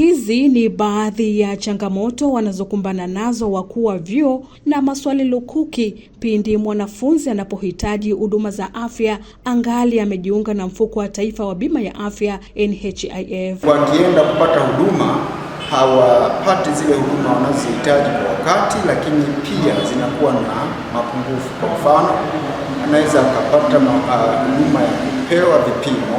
Hizi ni baadhi ya changamoto wanazokumbana nazo wakuu wa vyuo na maswali lukuki pindi mwanafunzi anapohitaji huduma za afya angali amejiunga na mfuko wa taifa wa bima ya afya NHIF. Wakienda kupata huduma hawapati zile huduma wanazohitaji kwa wakati, lakini pia zinakuwa na mapungufu. Kwa mfano, anaweza akapata uh, huduma ya kupewa vipimo,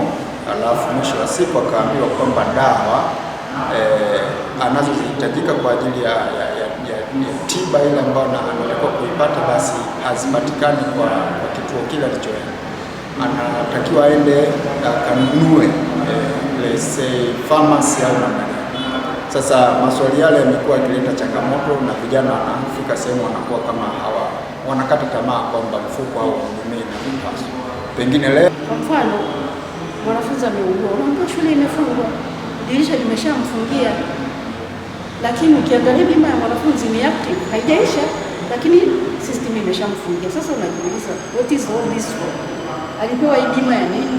alafu mwisho wa siku akaambiwa kwamba dawa eh, anazozihitajika kwa ajili ya, ya, ya, ya, ya tiba ile ambayo anatakiwa kuipata, basi hazipatikani kwa, kwa kituo kile alichoenda. Anatakiwa aende akanunue eh, say pharmacy au namna Sasa maswali yale yamekuwa yakileta changamoto na vijana wanafika sehemu wanakuwa kama hawa wanakata tamaa kwamba mfuko au umeme na mpaso pengine leo, kwa mfano mwanafunzi ameugua, unaambiwa shule imefungwa dirisha limeshamfungia, lakini ukiangalia bima ya mwanafunzi ni active, haijaisha, lakini system imeshamfungia. Sasa unajiuliza what is all this for? Alipewa hii bima ya nini?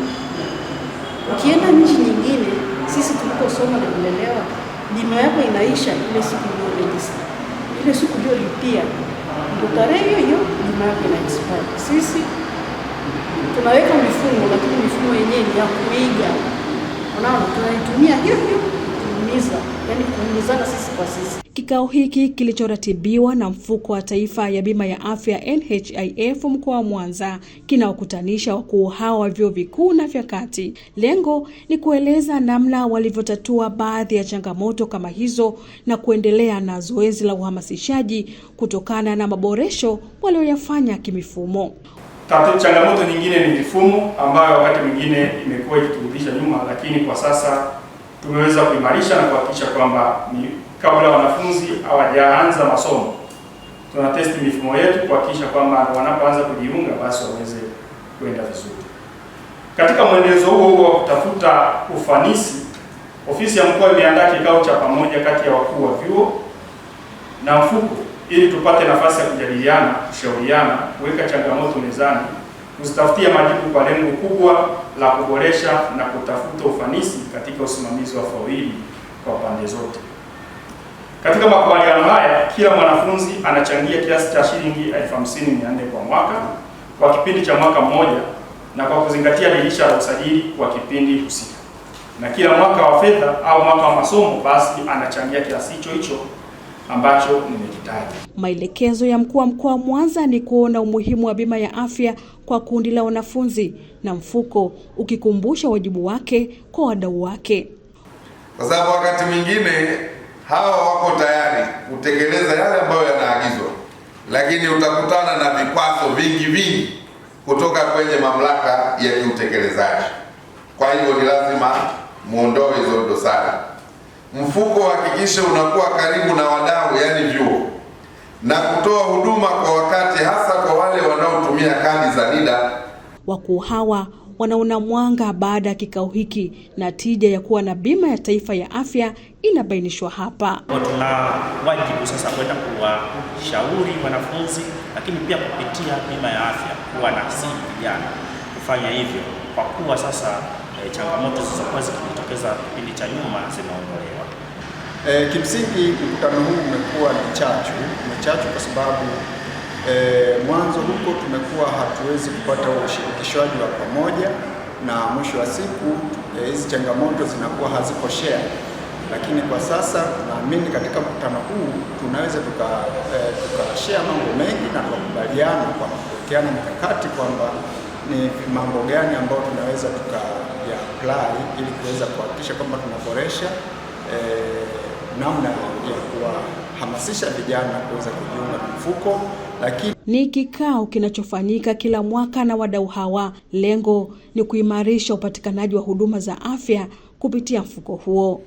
Ukienda nchi nyingine, sisi tulikosoma na kulelewa, bima yako inaisha ile siku uliyorejista, ile siku uliyolipia, ndio tarehe hiyo hiyo bima yako ina expire. Sisi tunaweka mifumo, lakini mifumo yenyewe ni ya kuiga Unaona, tunaitumia hiyo hiyo kuumiza, yani kuumizana sisi kwa sisi. Kikao hiki kilichoratibiwa na mfuko wa taifa ya bima ya afya NHIF mkoa wa Mwanza kinawakutanisha wakuu hao wa vyuo vikuu na vya kati. Lengo ni kueleza namna walivyotatua baadhi ya changamoto kama hizo na kuendelea na zoezi la uhamasishaji kutokana na maboresho walioyafanya kimifumo. Tatu, changamoto nyingine ni mifumo ambayo wakati mwingine imekuwa ikiturudisha nyuma, lakini kwa sasa tumeweza kuimarisha na kuhakikisha kwamba kabla wanafunzi hawajaanza masomo tuna testi mifumo yetu kuhakikisha kwamba wanapoanza kujiunga basi waweze kwenda vizuri. Katika mwendelezo huo huo wa kutafuta ufanisi, ofisi ya mkoa imeandaa kikao cha pamoja kati ya wakuu wa vyuo na mfuko ili tupate nafasi ya kujadiliana, kushauriana, kuweka changamoto mezani, kuzitafutia majibu kwa lengo kubwa la kuboresha na kutafuta ufanisi katika usimamizi wa fawili kwa pande zote. Katika makubaliano haya, kila mwanafunzi anachangia kiasi cha shilingi elfu hamsini mia nne kwa mwaka kwa kipindi cha mwaka mmoja na kwa kuzingatia dirisha la usajili kwa kipindi husika, na kila mwaka wa fedha au mwaka wa masomo, basi anachangia kiasi hicho hicho ambacho nimekitaja. Maelekezo ya mkuu wa mkoa wa Mwanza ni kuona umuhimu wa bima ya afya kwa kundi la wanafunzi na mfuko ukikumbusha wajibu wake kwa wadau wake, kwa sababu wakati mwingine hawa wako tayari kutekeleza yale ambayo yanaagizwa, lakini utakutana na vikwazo vingi vingi kutoka kwenye mamlaka ya kiutekelezaji Kwa hivyo ni lazima muondoe hizo dosari mfuko hakikishe unakuwa karibu na wadau, yani vyuo na kutoa huduma kwa wakati, hasa kwa wale wanaotumia kadi za NIDA. Wakuu hawa wanaona mwanga baada ya kikao hiki na tija ya kuwa na bima ya taifa ya afya inabainishwa hapa. Tuna wajibu sasa kwenda kuwashauri wanafunzi, lakini pia kupitia bima ya afya kuwa na si vijana kufanya hivyo, kwa kuwa sasa e, changamoto zilizokuwa zikiwa zilizojitokeza kipindi cha nyuma zimeondolewa. E, eh, kimsingi mkutano huu umekuwa ni chachu, ni chachu kwa sababu e, mwanzo huko tumekuwa hatuwezi kupata ushirikishwaji wa pamoja na mwisho wa siku eh, hizi e, changamoto zinakuwa haziko share, lakini kwa sasa naamini katika mkutano huu tunaweza tuka, e, tuka share mambo mengi na tukakubaliana kwa kuwekeana mikakati kwamba ni mambo gani ambayo tunaweza apply ili kuweza kuhakikisha kwamba tunaboresha eh, namna ya kuwahamasisha vijana kuweza kujiunga na mfuko. Lakini ni kikao kinachofanyika kila mwaka na wadau hawa, lengo ni kuimarisha upatikanaji wa huduma za afya kupitia mfuko huo.